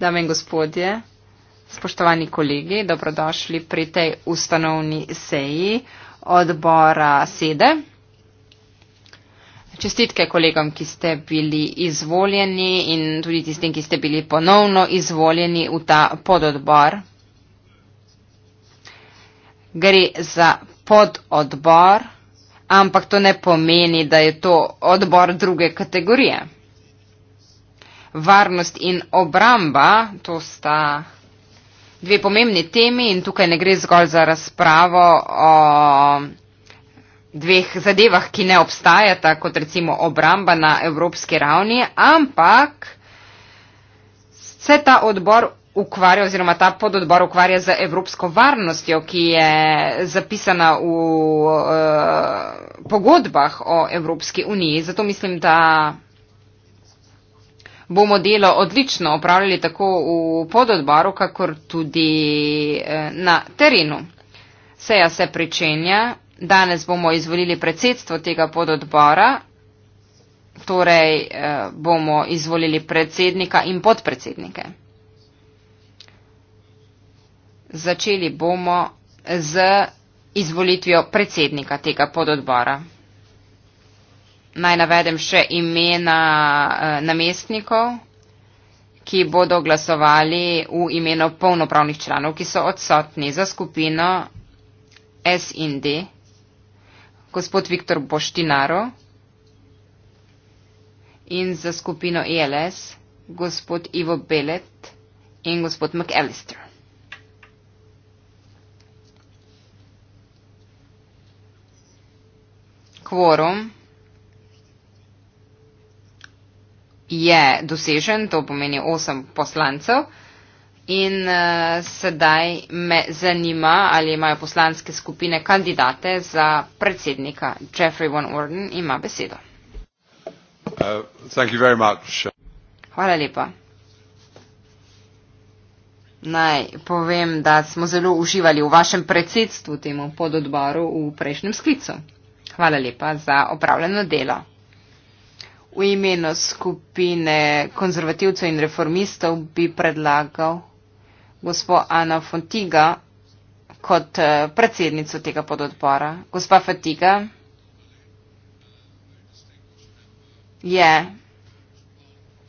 Dame in gospodje, spoštovani kolegi, dobrodošli pri tej ustanovni seji odbora sede. Čestitke kolegom, ki ste bili izvoljeni in tudi tistim, ki ste bili ponovno izvoljeni v ta pododbor. Gre za pododbor, ampak to ne pomeni, da je to odbor druge kategorije varnost in obramba, to sta dve pomembni temi in tukaj ne gre zgolj za razpravo o dveh zadevah, ki ne obstajata, kot recimo obramba na evropski ravni, ampak se ta odbor ukvarja oziroma ta pododbor ukvarja z evropsko varnostjo, ki je zapisana v uh, pogodbah o Evropski uniji. Zato mislim, da bomo delo odlično opravljali tako v pododbaru, kakor tudi eh, na terenu. Seja se pričenja. Danes bomo izvolili predsedstvo tega pododbora, torej eh, bomo izvolili predsednika in podpredsednike. Začeli bomo z izvolitvijo predsednika tega pododbora naj navedem še imena uh, namestnikov, ki bodo glasovali v imenu polnopravnih članov, ki so odsotni za skupino SND, gospod Viktor Boštinaro in za skupino ELS, gospod Ivo Belet in gospod McAllister. Quorum. je dosežen, to pomeni 8 poslancev. In uh, sedaj me zanima, ali imajo poslanske skupine kandidate za predsednika. Jeffrey Van Orden ima besedo. Uh, Hvala lepa. Naj povem, da smo zelo uživali v vašem predsedstvu temu pododbaru v prejšnjem sklicu. Hvala lepa za opravljeno delo. V imenu skupine konzervativcev in reformistov bi predlagal gospo Ana Fontiga kot eh, predsednico tega pododbora. Gospa Fatiga je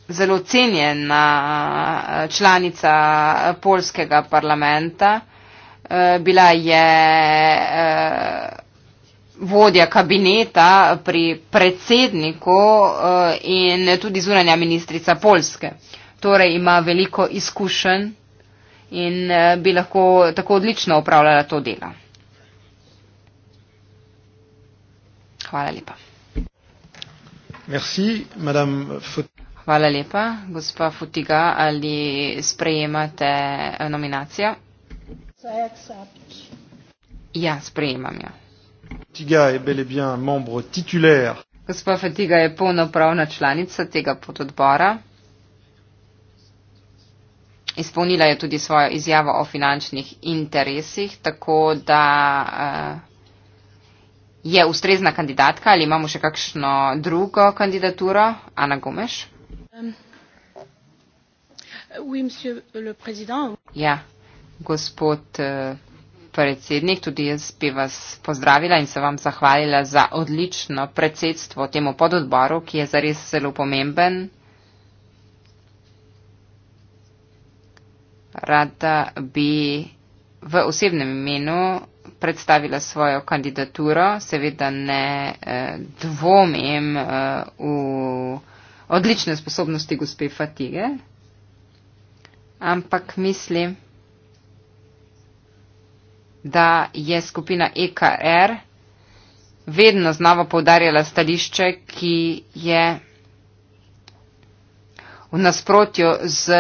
zelo cenjena eh, članica eh, polskega parlamenta. Bila je vodja kabineta pri predsedniku eh, in tudi zunanja ministrica Polske. Torej ima veliko izkušenj in eh, bi lahko tako odlično upravljala to delo. Hvala lepa. Merci, Hvala lepa, gospa Futiga, ali sprejemate eh, nominacijo? Ja, sprejemam jo. Ja. Fatiga je bel et bien membre titulaire. Gospod Fatiga je polnopravna članica tega pododbora. Izpolnila je tudi svojo izjavo o finančnih interesih, tako da uh, je ustrezna kandidatka. Ali imamo še kakšno drugo kandidaturo? Ana Gomeš. Um, oui, ja, gospod. Uh, predsednik, tudi jaz bi vas pozdravila in se vam zahvalila za odlično predsedstvo temu pododboru, ki je zares zelo pomemben. Rada bi v osebnem imenu predstavila svojo kandidaturo, seveda ne eh, dvomim eh, v odlične sposobnosti gospe Fatige, ampak mislim, da je skupina EKR vedno znova povdarjala stališče, ki je v nasprotju z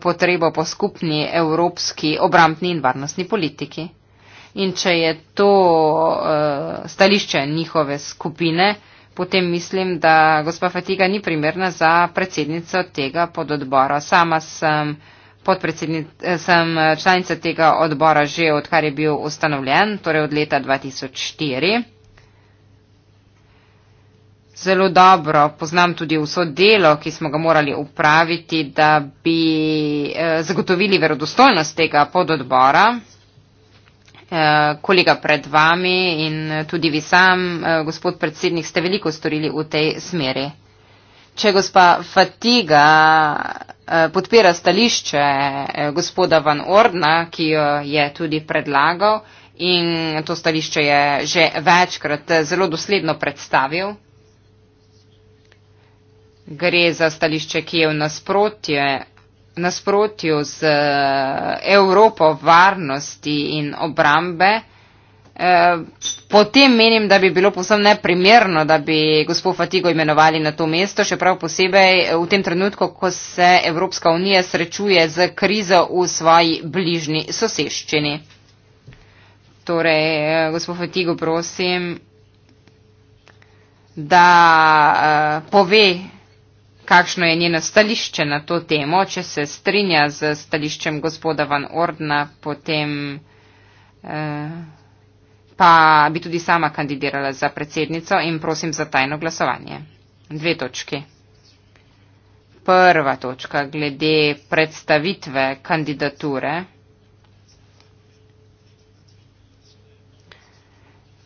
potrebo po skupni evropski obrambni in varnostni politiki. In če je to eh, stališče njihove skupine, potem mislim, da gospa Fatiga ni primerna za predsednico tega pododbora. Sama sem uh, Eh, sem eh, članica tega odbora že odkar je bil ustanovljen, torej od leta 2004. Zelo dobro poznam tudi vso delo, ki smo ga morali upraviti, da bi eh, zagotovili verodostojnost tega pododbora. Kolega pred vami in tudi vi sam, gospod predsednik, ste veliko storili v tej smeri. Če gospa Fatiga eh, podpira stališče eh, gospoda Van Ordna, ki jo je tudi predlagal in to stališče je že večkrat eh, zelo dosledno predstavil, gre za stališče, ki je v nasprotju nasprotju z Evropo varnosti in obrambe, Eh, potem menim, da bi bilo posebno neprimerno, da bi gospod Fatigo imenovali na to mesto, še prav posebej eh, v tem trenutku, ko se Evropska unija srečuje z krizo v svoji bližnji soseščini. Torej, eh, gospod Fatigo, prosim, da pove, kakšno je njeno stališče na to temo. Če se strinja z stališčem gospoda Van Ordna, potem. Eh, pa bi tudi sama kandidirala za predsednico in prosim za tajno glasovanje. Dve točki. Prva točka glede predstavitve kandidature.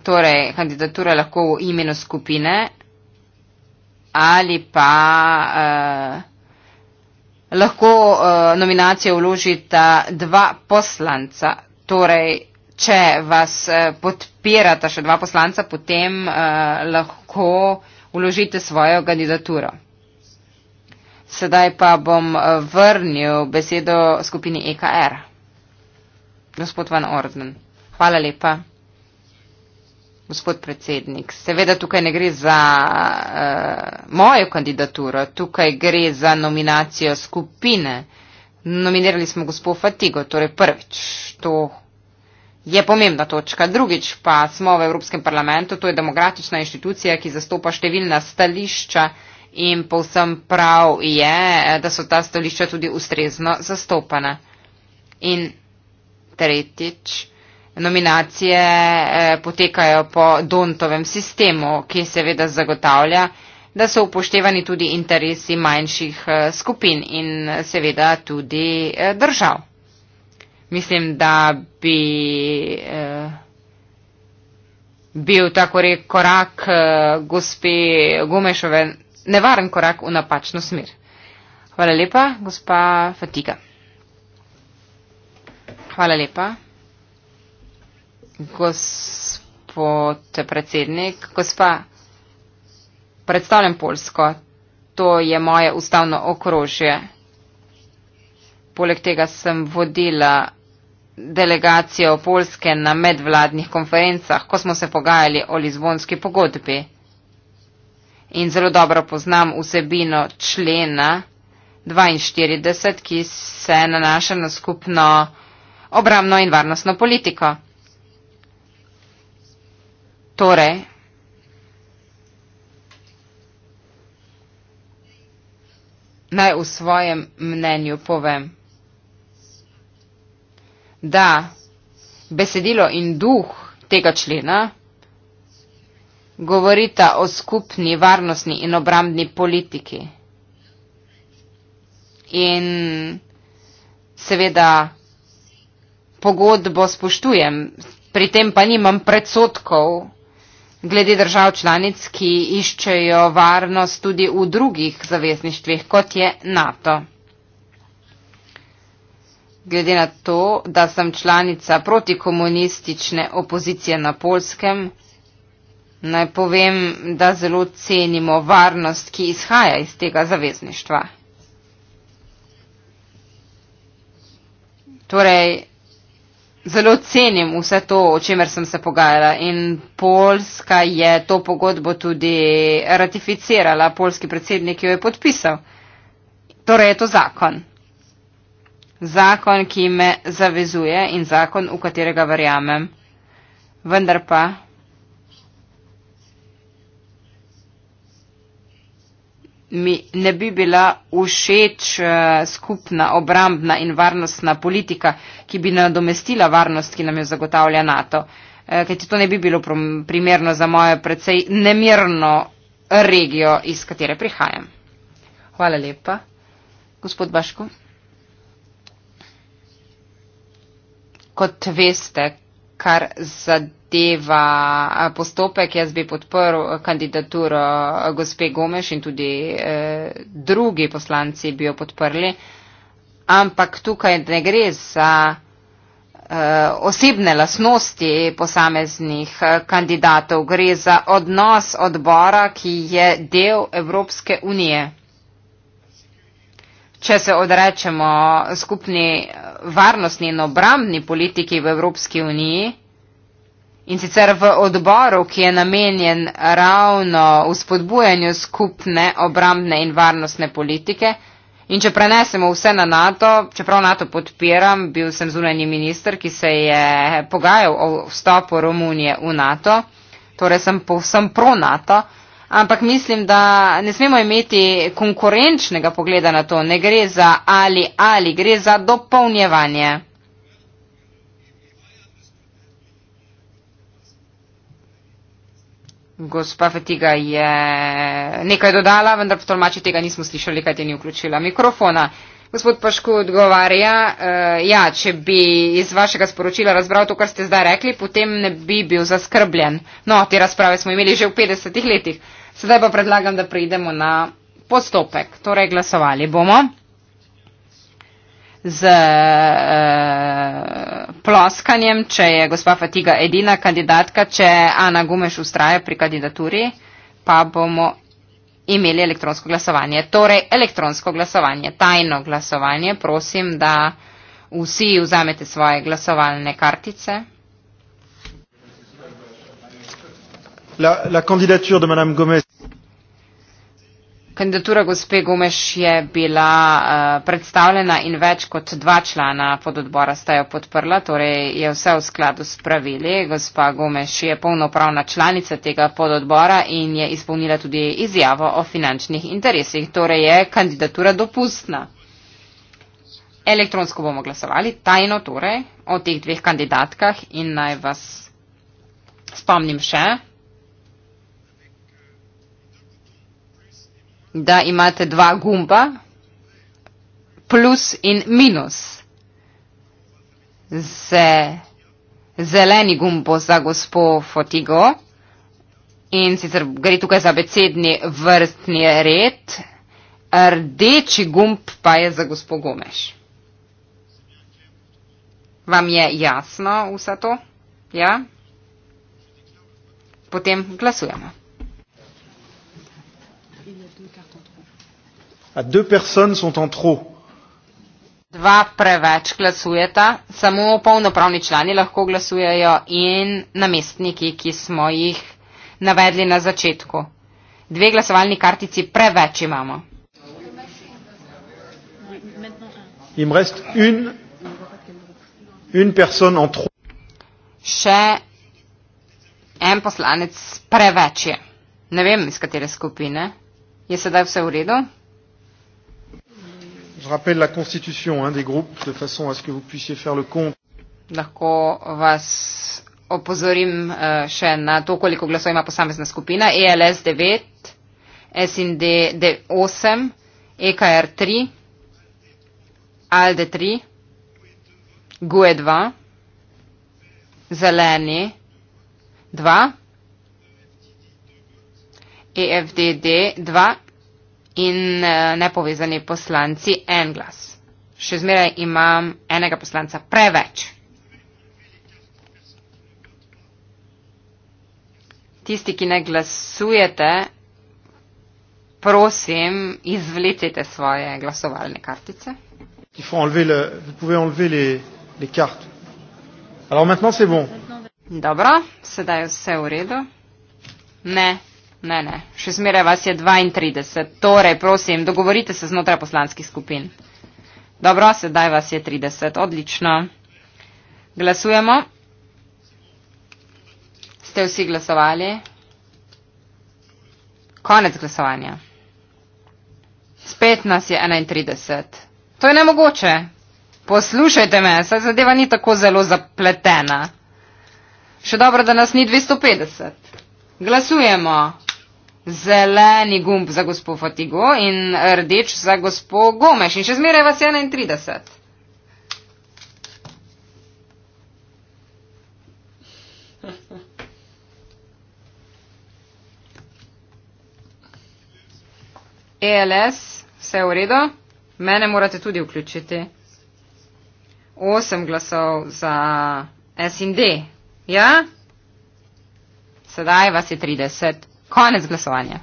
Torej, kandidatura lahko v imenu skupine ali pa eh, lahko eh, nominacijo vložita dva poslanca. Torej, če vas eh, podpirata še dva poslanca, potem uh, lahko uložite svojo kandidaturo. Sedaj pa bom eh, vrnil besedo skupini EKR. Gospod Van Orden, hvala lepa. Gospod predsednik, seveda tukaj ne gre za uh, mojo kandidaturo, tukaj gre za nominacijo skupine. Nominirali smo gospod Fatigo, torej prvič. To Je pomembna točka. Drugič pa smo v Evropskem parlamentu, to je demokratična inštitucija, ki zastopa številna stališča in povsem prav je, da so ta stališča tudi ustrezno zastopana. In tretjič, nominacije eh, potekajo po Dontovem sistemu, ki seveda zagotavlja, da so upoštevani tudi interesi manjših eh, skupin in seveda tudi eh, držav mislim, da bi eh, bil tako rek korak eh, gospe Gomešove, nevaren korak v napačno smer. Hvala lepa, gospa Fatiga. Hvala lepa. Gospod predsednik, gospa, predstavljam Polsko, to je moje ustavno okrožje. Poleg tega sem vodila delegacijo Polske na medvladnih konferencah, ko smo se pogajali o Lizbonski pogodbi. In zelo dobro poznam vsebino člena 42, ki se nanaša na skupno obramno in varnostno politiko. Torej, naj v svojem mnenju povem da besedilo in duh tega člena govorita o skupni varnostni in obrambni politiki. In seveda pogodbo spoštujem, pri tem pa nimam predsotkov glede držav članic, ki iščejo varnost tudi v drugih zavezništvih, kot je NATO glede na to, da sem članica protikomunistične opozicije na Polskem, naj povem, da zelo cenimo varnost, ki izhaja iz tega zavezništva. Torej, zelo cenim vse to, o čemer sem se pogajala in Polska je to pogodbo tudi ratificirala, polski predsednik jo je podpisal. Torej, je to zakon zakon, ki me zavezuje in zakon, v katerega verjamem. Vendar pa mi ne bi bila všeč eh, skupna obrambna in varnostna politika, ki bi nadomestila varnost, ki nam jo zagotavlja NATO. Eh, Ker to ne bi bilo primerno za moje precej nemirno regijo, iz katere prihajam. Hvala lepa. Gospod Baško. kot veste, kar zadeva postopek, jaz bi podprl kandidaturo gospe Gomeš in tudi eh, drugi poslanci bi jo podprli. Ampak tukaj ne gre za eh, osebne lasnosti posameznih e, kandidatov, gre za odnos odbora, ki je del Evropske unije. Če se odrečemo skupni varnostni in obramni politiki v Evropski uniji in sicer v odboru, ki je namenjen ravno v spodbujanju skupne obramne in varnostne politike in če prenesemo vse na NATO, čeprav NATO podpiram, bil sem zunanji minister, ki se je pogajal o vstopu Romunije v NATO, torej sem povsem pro NATO ampak mislim, da ne smemo imeti konkurenčnega pogleda na to. Ne gre za ali ali, gre za dopolnjevanje. Gospa Fetiga je nekaj dodala, vendar po tolmači tega nismo slišali, kaj ti ni vključila mikrofona. Uh, Gospod Pašku odgovarja, uh, ja, če bi iz vašega sporočila razbral to, kar ste zdaj rekli, potem ne bi bil zaskrbljen. No, te razprave smo imeli že v 50-ih letih. Sedaj pa predlagam, da preidemo na postopek. Torej, glasovali bomo z uh, ploskanjem, če je gospa Fatiga edina kandidatka, če Ana Gumeš ustraja pri kandidaturi, pa bomo imeli elektronsko glasovanje. Torej, elektronsko glasovanje, tajno glasovanje, prosim, da vsi vzamete svoje glasovalne kartice. La, la candidature de Madame Gomez. Kandidatura gospe Gomeš je bila uh, predstavljena in več kot dva člana pod odbora sta jo podprla, torej je vse v skladu s pravili. Gospa Gomeš je polnopravna članica tega pod odbora in je izpolnila tudi izjavo o finančnih interesih, torej je kandidatura dopustna. Elektronsko bomo glasovali, tajno torej, o teh dveh kandidatkah in naj vas spomnim še. da imate dva gumba, plus in minus. Se zeleni gumbo za gospo Fotigo in sicer gre tukaj za besedni vrstni red, rdeči gumb pa je za gospo Gomeš. Vam je jasno vse to? Ja? Potem glasujemo. A deux personnes sont en trop. Dva preveč glasujeta, samo polnopravni člani lahko glasujejo in namestniki, ki smo jih navedli na začetku. Dve glasovalni kartici preveč imamo. Im une, une en trop. Še en poslanec preveč je. Ne vem, iz katere skupine. Je sedaj vse v redu? Lahko vas opozorim eh, še na to, koliko glasov ima posamezna skupina. ELS 9, SND 8, EKR 3, ALDE 3, GUE 2, Zeleni 2. EFDD 2 in eh, nepovezani poslanci en glas. Še zmeraj imam enega poslanca preveč. Tisti, ki ne glasujete, prosim, izvlecite svoje glasovalne kartice. Dobro, sedaj je vse v redu. Ne, Ne, ne, še zmeraj vas je 32. Torej, prosim, dogovorite se znotraj poslanskih skupin. Dobro, sedaj vas je 30. Odlično. Glasujemo. Ste vsi glasovali? Konec glasovanja. Spet nas je 31. To je nemogoče. Poslušajte me, saj zadeva ni tako zelo zapletena. Še dobro, da nas ni 250. Glasujemo zeleni gumb za gospod Fatigo in rdeč za gospod Gomeš in še zmeraj vas je 31. ELS, vse v redu, mene morate tudi vključiti. Osem glasov za S in D, ja? Sedaj vas je 30. Konec glasovanja.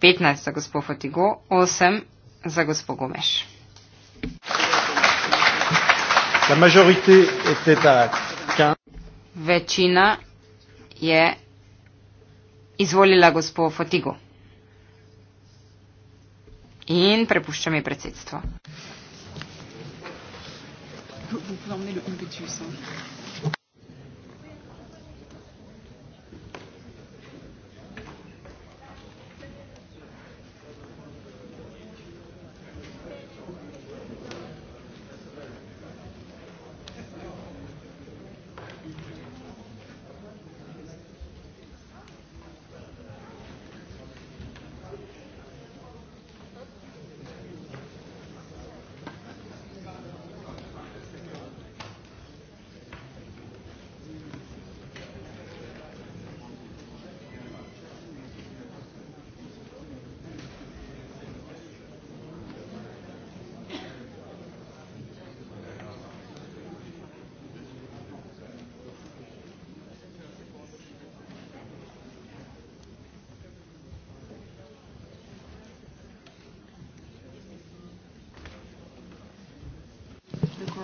Petnajst za gospod Fotigo, osem za gospod Gomeš. La majorité était à 15. Večina je izvolila gospod Fotigo. In prepuščam je predsedstvo vous pouvez emmener le Impetus. Hein.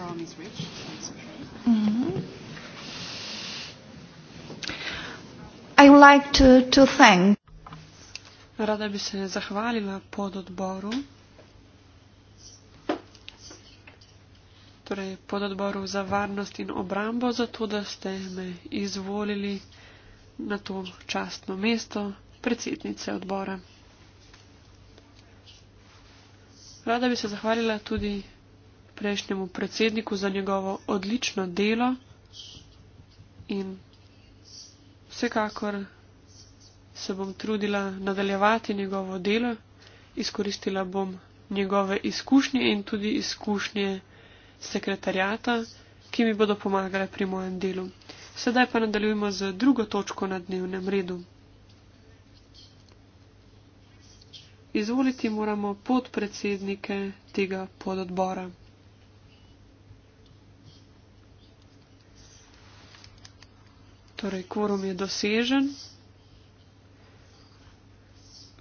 arm is rich. That's okay. mm-hmm. I like to, to thank. Rada bi se zahvalila pod odboru. Torej, pod odboru za varnost in obrambo, zato da ste me izvolili na to častno mesto predsednice odbora. Rada bi se zahvalila tudi prejšnjemu predsedniku za njegovo odlično delo in vsekakor se bom trudila nadaljevati njegovo delo, izkoristila bom njegove izkušnje in tudi izkušnje sekretarjata, ki mi bodo pomagale pri mojem delu. Sedaj pa nadaljujemo z drugo točko na dnevnem redu. Izvoliti moramo podpredsednike tega pododbora. Torej, kvorum je dosežen.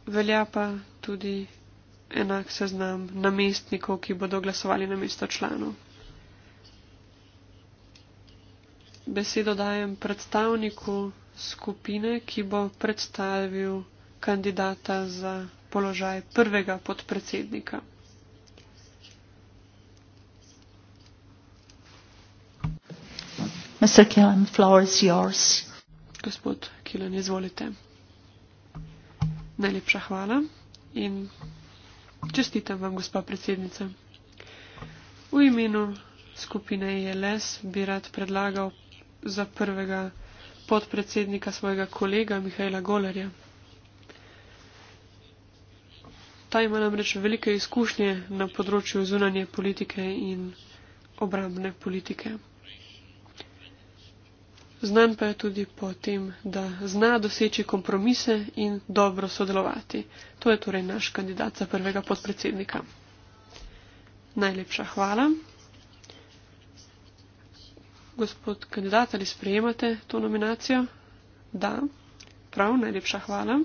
Velja pa tudi enak seznam namestnikov, ki bodo glasovali na mesto članov. Besedo dajem predstavniku skupine, ki bo predstavil kandidata za položaj prvega podpredsednika. Mr. Killen, floor is yours. Gospod Killen, izvolite. Najlepša hvala in čestitam vam, gospa predsednica. V imenu skupine ILS e bi rad predlagal za prvega podpredsednika svojega kolega Mihajla Golerja. Ta ima namreč velike izkušnje na področju zunanje politike in obrambne politike znan pa je tudi po tem, da zna doseči kompromise in dobro sodelovati. To je torej naš kandidat za prvega podpredsednika. Najlepša hvala. Gospod kandidat, ali sprejemate to nominacijo? Da, prav, najlepša hvala.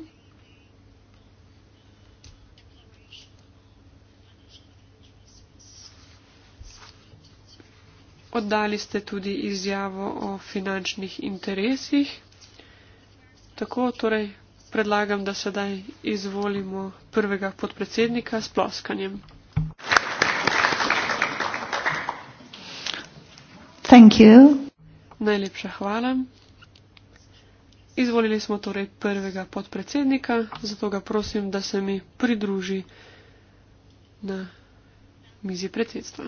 Oddali ste tudi izjavo o finančnih interesih. Tako torej predlagam, da sedaj izvolimo prvega podpredsednika s ploskanjem. Thank you. Najlepša hvala. Izvolili smo torej prvega podpredsednika, zato ga prosim, da se mi pridruži na mizi predsedstva.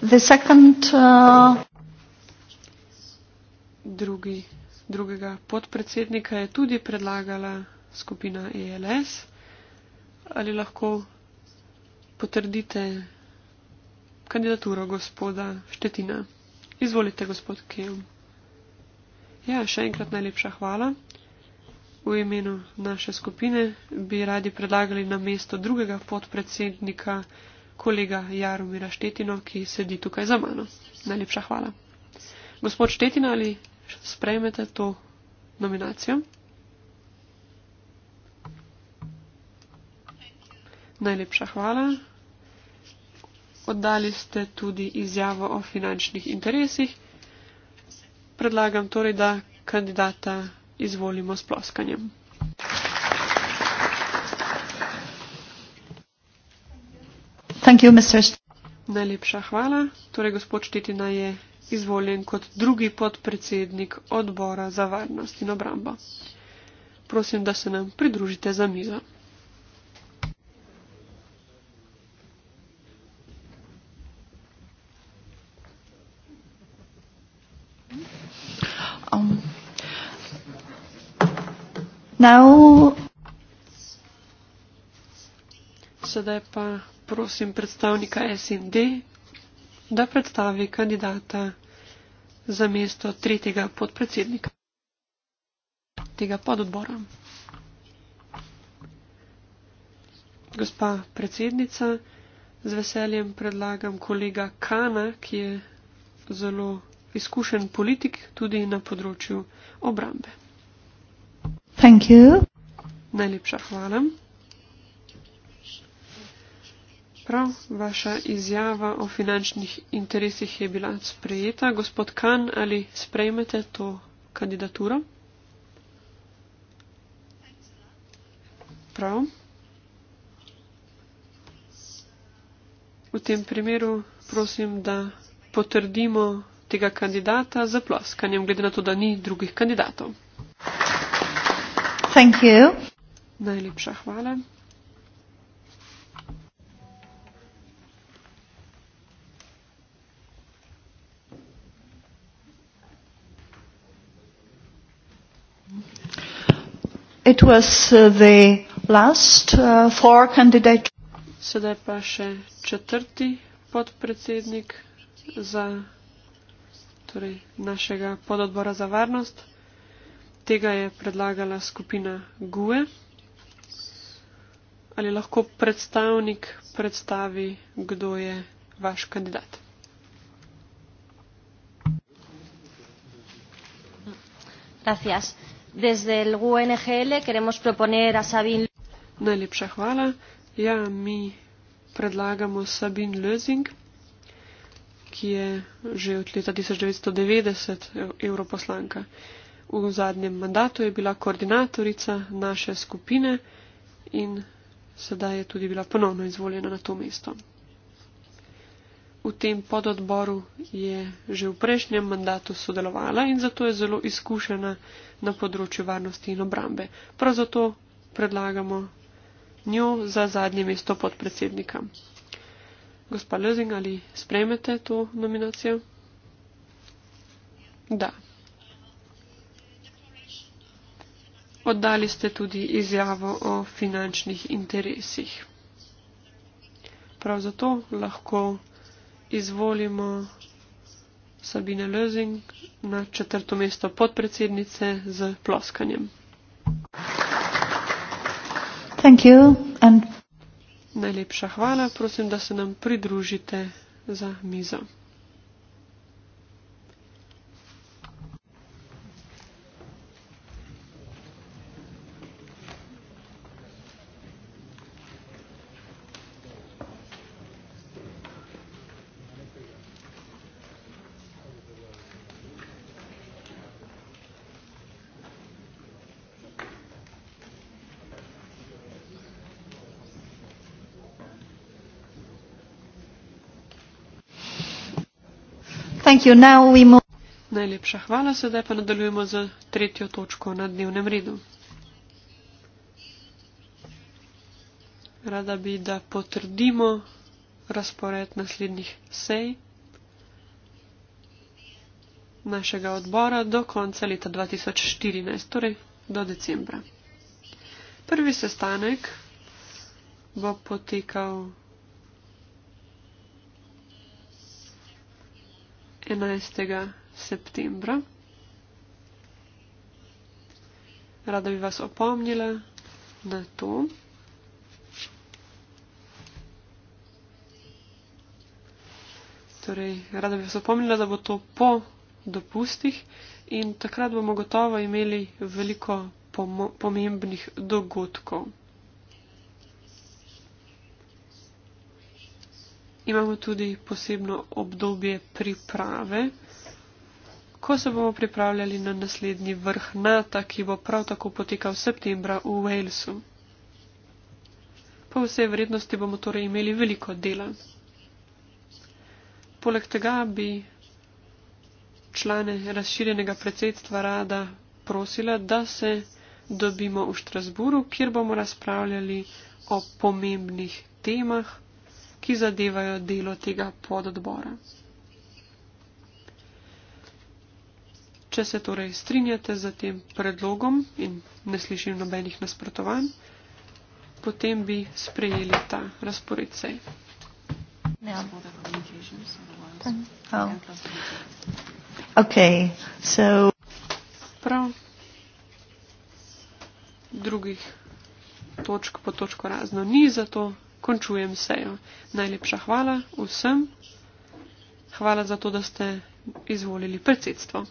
The second, uh, Drugi, drugega podpredsednika je tudi predlagala skupina ELS. Ali lahko potrdite kandidaturo gospoda Štetina. Izvolite, gospod Kejl. Ja, še enkrat najlepša hvala. V imenu naše skupine bi radi predlagali na mesto drugega podpredsednika, kolega Jaromira Štetino, ki sedi tukaj za mano. Najlepša hvala. Gospod Štetina, ali sprejmete to nominacijo? Najlepša hvala oddali ste tudi izjavo o finančnih interesih. Predlagam torej, da kandidata izvolimo s ploskanjem. You, Najlepša hvala. Torej, gospod Štetina je izvoljen kot drugi podpredsednik odbora za varnost in obrambo. Prosim, da se nam pridružite za mizo. Now... Sedaj pa prosim predstavnika SND, da predstavi kandidata za mesto tretjega podpredsednika tega pododbora. Gospa predsednica, z veseljem predlagam kolega Kana, ki je zelo izkušen politik tudi na področju obrambe. Thank you. Najlepša hvala. Prav, vaša izjava o finančnih interesih je bila sprejeta. Gospod Kan, ali sprejmete to kandidaturo? Prav. V tem primeru prosim, da potrdimo tega kandidata za ploskanjem, glede na to, da ni drugih kandidatov thank you. Najlepša hvala. It was uh, the last uh, four candidates. Sedaj pa še četrti podpredsednik za, torej našega pododbora za varnost. Tega je predlagala skupina GUE. Ali lahko predstavnik predstavi, kdo je vaš kandidat? Gracias. Desde el UNGL queremos proponer a Sabine. Najlepša hvala. Ja, mi predlagamo Sabine Lözing, ki je že od leta 1990 evroposlanka v zadnjem mandatu je bila koordinatorica naše skupine in sedaj je tudi bila ponovno izvoljena na to mesto. V tem pododboru je že v prejšnjem mandatu sodelovala in zato je zelo izkušena na področju varnosti in obrambe. Prav zato predlagamo njo za zadnje mesto podpredsednika. Gospa Lezing, ali sprejmete to nominacijo? Da. Oddali ste tudi izjavo o finančnih interesih. Prav zato lahko izvolimo Sabine Lözing na četrto mesto podpredsednice z ploskanjem. Thank you and... Najlepša hvala, prosim, da se nam pridružite za mizo. Thank you. Now we move. Najlepša hvala, sedaj pa nadaljujemo z tretjo točko na dnevnem redu. Rada bi, da potrdimo razpored naslednjih sej našega odbora do konca leta 2014, torej do decembra. Prvi sestanek bo potekal 11. septembra. Rada bi vas opomnila na to. Torej, rada bi vas opomnila, da bo to po dopustih in takrat bomo gotovo imeli veliko pomembnih dogodkov. imamo tudi posebno obdobje priprave, ko se bomo pripravljali na naslednji vrh NATO, ki bo prav tako potekal v septembra v Walesu. Po vsej vrednosti bomo torej imeli veliko dela. Poleg tega bi člane razširjenega predsedstva rada prosila, da se dobimo v Štrasburu, kjer bomo razpravljali o pomembnih temah ki zadevajo delo tega pododbora. Če se torej strinjate z tem predlogom in ne slišim nobenih nasprotovanj, potem bi sprejeli ta razpored sej. Yeah. Ja. Oh. Okay. So... Prav drugih točk po točko razno ni, zato končujem sejo. Najlepša hvala vsem. Hvala za to, da ste izvolili predsedstvo.